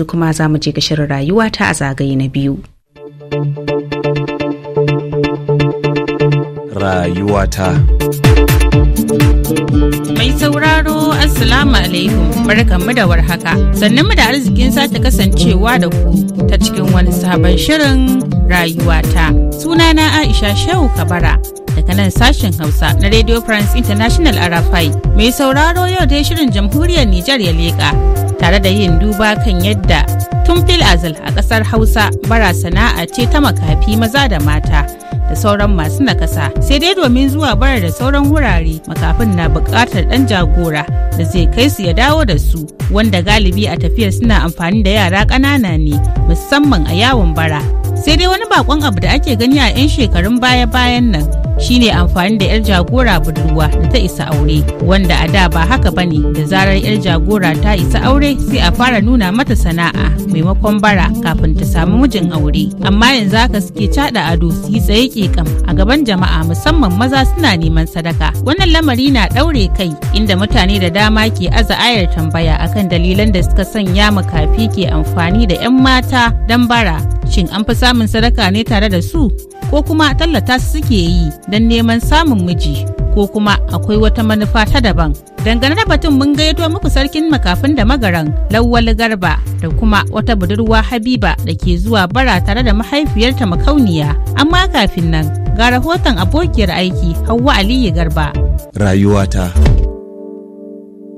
yanzu kuma za mu je ga shirin rayuwa ta a zagaye na biyu. ta. Mai sauraro Assalamu alaikum barkanmu da warhaka mu da arzikin sake kasancewa da ku ta cikin wani sabon shirin rayuwa rayuwata sunana Aisha Shehu Kabara daga nan sashen Hausa na Radio France International Arafai mai sauraro yau dai shirin jamhuriyar Nijar ya leƙa tare da yin duba kan yadda tun fil azal a ƙasar hausa bara sana'a ce ta makafi maza da mata da sauran masu nakasa sai dai domin zuwa bara da sauran wurare makafin na bukatar ɗan jagora da zai kai su ya dawo da su wanda galibi a tafiyar suna amfani da yara ƙanana ne musamman a yawon bara sai dai wani bakon abu da ake gani a 'yan shekarun baya-bayan nan shine amfani da 'yar jagora budurwa da ta isa aure wanda a da ba haka bane da zarar 'yar jagora ta isa aure sai a fara nuna mata sana'a maimakon bara kafin ta samu mijin aure amma yanzu haka suke cada ado su yi tsaye kekam a gaban jama'a musamman maza suna neman sadaka wannan lamari na daure kai inda mutane da dama ke aza ayar tambaya akan dalilan da suka sanya makafi ke amfani da 'yan mata don bara shin an fi samun sadaka ne tare da su ko kuma tallata su suke yi don neman samun miji ko kuma akwai wata manufa ta daban. Dangane da batun mun gaito muku sarkin makafin da magaran Lawal Garba da kuma wata budurwa Habiba da ke zuwa bara tare da mahaifiyarta makauniya. Amma kafin nan ga rahoton abokiyar aiki Hauwa Aliyu Garba. Rayuwata.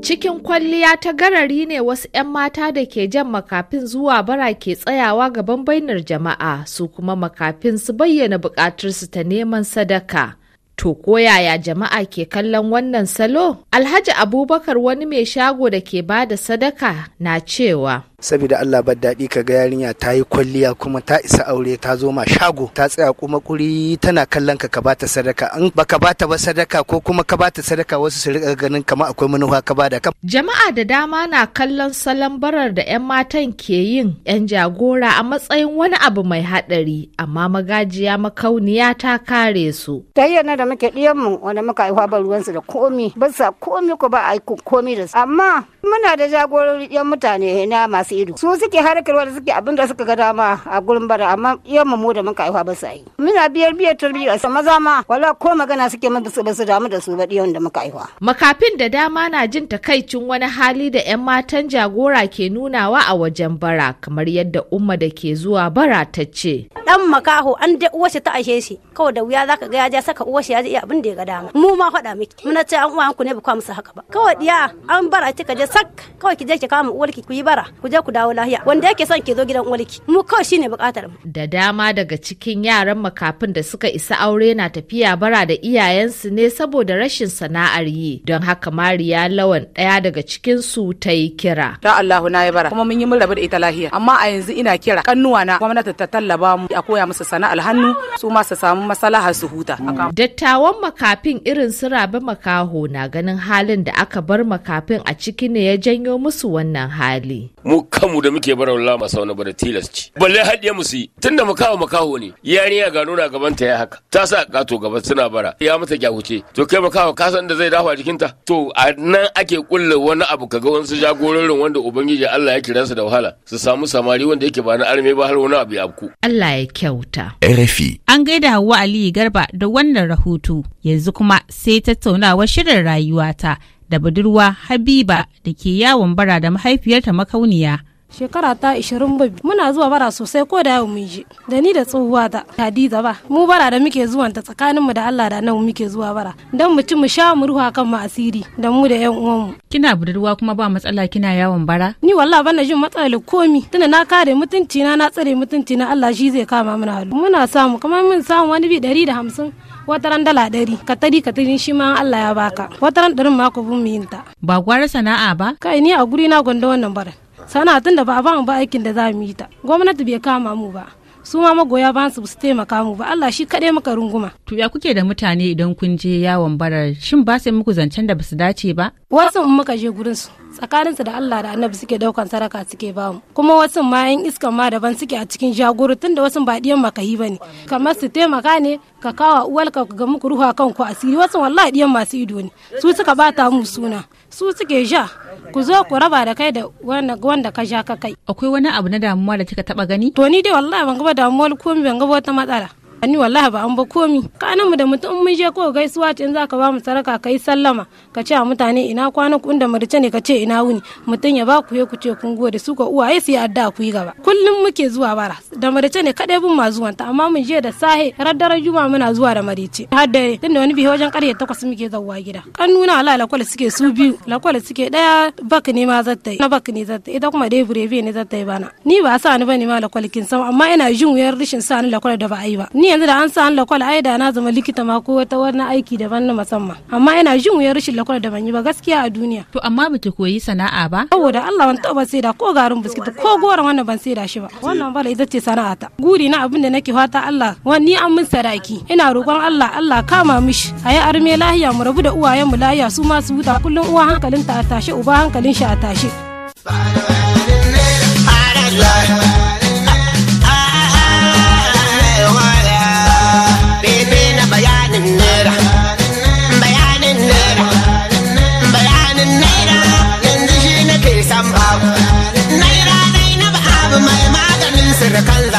Cikin kwalliya ta garari ne wasu 'yan mata da ke jan makafin zuwa bara ke tsayawa ga bainar jama'a su kuma makafin su bayyana bukatarsu ta neman sadaka. To ko yaya jama'a ke kallon wannan salo? Alhaji Abubakar wani mai shago da ke ba da sadaka na cewa. saboda Allah bar daɗi ka ga yarinya ta yi kwalliya kuma ta isa aure ta zo ma shago ta tsaya kuma kuri tana kallon ka ka bata sadaka in baka bata ba sadaka ko kuma ka bata sadaka wasu su rika ganin kamar akwai manufa ka bada ka jama'a da dama na kallon salon barar da 'yan matan ke yin 'yan jagora a matsayin wani abu mai haɗari amma magajiya makauniya ta kare su ta yana da muke ɗiyan mu wanda muka haihuwa ba ruwansu da komi ba sa komi ko ba a yi komi da su. amma muna da jagorori 'yan mutane na masu musu ido su suke harkar wanda suke abin da suka ga dama a gurin bara, amma iya mu da mun kaiwa ba su yi muna biyar biyar tarbiyya a maza ma wala ko magana suke mun su ba su damu da su ba diyan da muka aiwa makafin da dama na jin takaicin wani hali da yan matan jagora ke nunawa a wajen bara kamar yadda umma da ke zuwa bara ta ce dan makaho an da uwarsa ta ashe shi kawai da wuya zaka ga ya ja saka uwarsa ya ji abin da ya ga dama mu ma faɗa miki muna ce an uwa ku ne ba ku musu haka ba kawai diya an bara kika je sak kawai ki je ki kama uwarki ku yi bara ku je ku dawo lahiya wanda yake son ke zo gidan uwarki mu kawai shine bukatar mu da dama daga cikin yaran makafin da suka isa aure na tafiya bara da iyayensu ne saboda rashin sana'ar yi don haka Mariya Lawan daya daga cikin su ta yi kira ta Allahu na yi bara kuma mun yi mun rabu da ita lahiya amma a yanzu ina kira kannuwa na gwamnati ta tallaba mu a koya musu sana'ar hannu su ma su samu masalaha su huta dattawan makafin irin su Rabe Makaho na ganin halin da aka bar makafin a ciki ne ya janyo musu wannan hali mu kanmu da muke bara wallah masa wani bara tilas ci balle haɗiye mu yi tunda makaho makaho ne yarinya ga nuna gaban ta ya haka ta sa kato gaba suna bara ya mata kyahuce to kai makaho ka san da zai dafa jikinta to a nan ake kulle wani abu kaga wasu jagororin wanda ubangiji Allah ya kira su da wahala su samu samari wanda yake ba na arme ba har wani abu ya abku Allah ya kyauta RFI an gaida wa Ali Garba da wannan rahoto yanzu kuma sai tattaunawar shirin rayuwata da budurwa Habiba da ke yawon bara da mahaifiyarta makauniya. shekara ta babi. muna zuwa bara sosai ko da yau mun je da ni da tsohuwa ta Hadiza ba mu bara da muke zuwan ta tsakanin mu da Allah da nan muke zuwa bara dan mu ci mu sha mu ruha kan mu asiri da mu da yan uwan mu kina budurwa kuma ba matsala kina yawon bara ni wallahi bana jin matsalar komi tunda na kare mutunci na na tsare mutunci na Allah shi zai kama mana halu muna samu kamar mun samu wani bi 150 wataran dala ɗari ka tari ka tari shi ma Allah ya baka wataran ɗarin ma ku bin yin ta. Ba gwara sana'a ba? Kai ni a guri na gondo wannan bar Sana'a tunda ba a ba ba aikin da za mu yi ta. Gwamnati bai kama mu ba. su ma magoya ba su taimaka mu ba Allah shi kaɗai muka runguma. To ya kuke da mutane idan kun je yawon barar shin ba sai muku zancen da basu dace ba? Wasu in muka je gurin su tsakanin su da Allah da Annabi suke daukan saraka suke ba mu kuma wasu ma yan iskan ma daban suke a cikin jagoro tunda wasu ba diyan makahi ne kamar su taimaka ne ka kawa uwalka ga muku ruha kanku asiri wasu wallahi diyan masu ido ne su suka bata mu suna. su suke sha ku zo ku raba da kai da wanda ka sha ka kai akwai wani abu na damuwa da kika taba gani to ni dai wallahi ban ga damuwa ko ban ga wata matsala ni wallahi ba an ba komi ka mu da mutum mun je ko gaisuwa tin in zaka ba mu saraka kai sallama ka ce a mutane ina kwana kun da murce ne ka ce ina wuni mutum ya ba ku ku ce kun gode su ko uwaye su ya adda ku yi gaba kullum muke zuwa bara da murce ne kadai bin ma zuwan ta amma mun je da sahe har daren juma muna zuwa da murce har da tunda wani bihe wajen karye takwas muke zawwa gida kan nuna ala lakwal suke su biyu lakwal suke daya bak ne ma zatta yi na bak ne zatta ita kuma dai burebe ne zatta yi bana ni ba sa ni bane ma lakwal kin san amma ina jin wuyar rishin sa ni lakwal da ba a yi ba ni yanzu da an sa an lakwal ai da na zama likita ma ko wata wani aiki daban na musamman amma ina jin wuyar rashin lakwal da ban yi ba gaskiya a duniya to amma bata koyi sana'a ba saboda Allah wani taba sai da ko garin biskit ko goron wannan ban sai da shi ba wannan bala ita ce ta. guri na abin da nake fata Allah wani an min sadaki ina roƙon Allah Allah kama mishi ayi arme lahiya mu rabu da uwayen mu lahiya su ma su huta kullum uwa hankalinta a tashi uba hankalin shi a tashe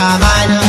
Ramana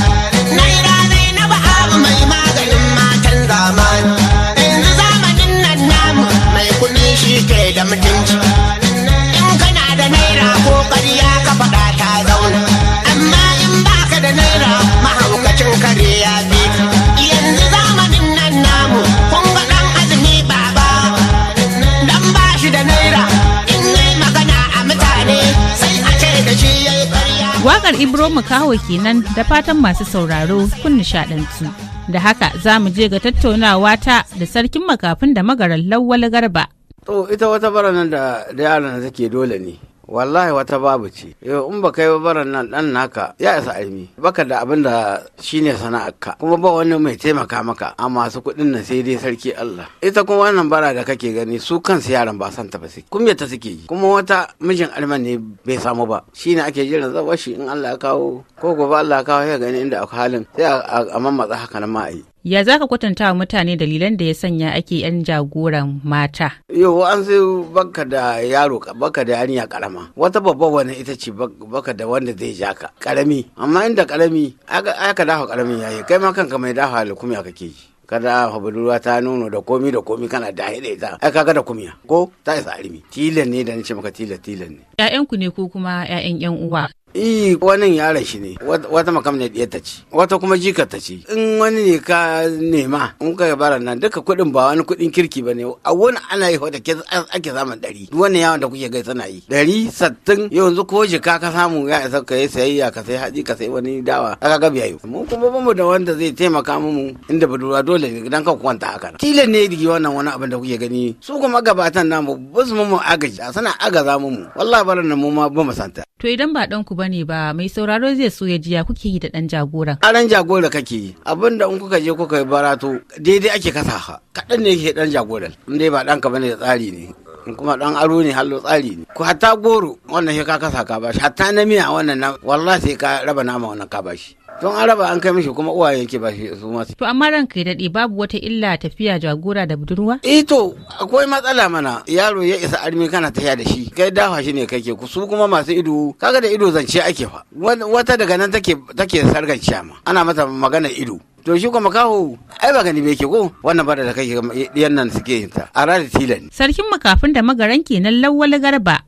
Umar Ibro Mukawo kenan da fatan masu sauraro kun nishadantu. Da haka za mu je ga tattaunawa ta da sarkin makafin da magaran Lawwal Garba. To ita wata baranan da yaran take dole ne. wallahi wata babu ce yau in baka yi babaran nan dan naka ya isa aimi baka da abin da shine sana'arka kuma ba wani mai taimaka maka a masu kuɗin nan sai dai sarki Allah ita kuma wannan bara da kake gani su kansu yaran ba san ta ba sai kuma ta suke yi kuma wata mijin alman ne bai samu ba shine ake jiran zawashi in Allah ya kawo ko gobe Allah ya kawo ya gani inda akwai halin sai a mamatsa haka nan ma a yi Ya za ka kwatanta wa mutane dalilan da ya sanya ake 'yan jagoran mata? Yau an sai baka da yaro baka da yarinya karama. Wata babba wani ita ce baka da wanda zai ja ka. Karami. Amma inda karami aka dafa karamin yayi kai ma kanka mai dafa alkumiya kake yi. kada budurwa ta nono da komi da komi kana da haɗe da ai kaga da kumiya ko ta isa alimi. tilan ne da nace maka tilan tilan ne yayanku ku ne ko kuma ya'yan yan uwa Eh wani yara shi ne wata makam ne ta ce wata kuma jika ta in wani ne ka nema in ka bara nan duka kudin ba wani kudin kirki ba ne a wani ana yi wata ake samun ɗari wani yawon da kuke gai sana yi dari sattin yanzu ko jika ka samu ya isa ka yi sayayya ka sai hatsi ka sai wani dawa aka ga yi mu kuma bamu da wanda zai taimaka mu inda budurwa dole ne dan ka kwanta haka tilan ne digi wannan wani abin da kuke gani su kuma gabatan namu ba su mu agaji aga agaza mu wallahi barin nan mu ma ba mu santa To idan ba dan ku ne ba mai sauraro zai so ya jiya kuke yi da ɗan jagora. A ɗan jagora kake yi abin da in kuka je kuka yi barato daidai ake kasa ha kaɗan ne yake ɗan jagoran in dai ba ka ne da tsari ne. kuma dan aro ne hallo tsari ne ko hatta goro wannan shi ka kasa ka bashi hatta na miya wannan wallahi sai ka raba nama wannan ka bashi Don an raba an kai mishi kuma uwaye yake ba shi su masu. To amma ranka ya daɗe babu wata illa tafiya jagora da budurwa? Eh to akwai matsala mana yaro ya isa armi kana tafiya da shi kai dafa shi ne kake ku su kuma masu ido kaga da ido zance ake fa wata daga nan take take sarganciya ma ana mata magana ido. to shi kuma kawo ai ba gani bai ke ko wannan bada da kake yan nan suke yin ta a rada tilani. sarkin makafin da magaran kenan lawwal garba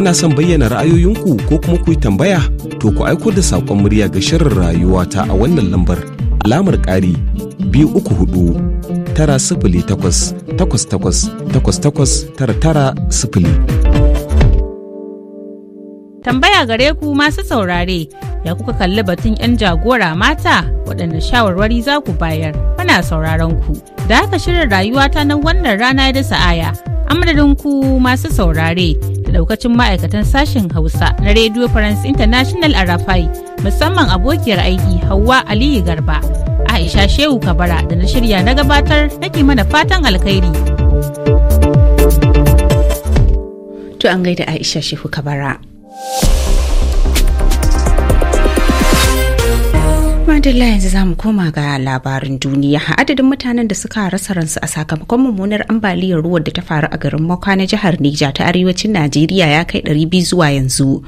kuna son bayyana ra'ayoyinku ko kuma ku yi tambaya to ku aiko da saƙon murya ga shirin rayuwa ta a wannan lambar alamar ƙari biyu uku hudu tara sifili takwas takwas takwas takwas takwas tara tara sifili. Tambaya gare ku masu saurare ya kuka kalli batun 'yan jagora mata waɗanda shawarwari za ku bayar muna sauraron ku. Da haka shirin rayuwata na wannan rana ya da sa'aya. amadadin ku masu saurare da daukacin ma'aikatan sashen Hausa na Radio France International a Rafai musamman abokiyar aiki Hauwa Aliyu Garba. Aisha Shehu Kabara da na shirya na gabatar nake mana fatan alkhairi. To an gaida Aisha Shehu Kabara. madalla yanzu za mu koma ga labarin duniya adadin mutanen da suka rasa ransu a sakamakon mummunar ambaliyar ruwan da ta faru a garin makwa na jihar Nija ta arewacin Najeriya ya kai 200 zuwa yanzu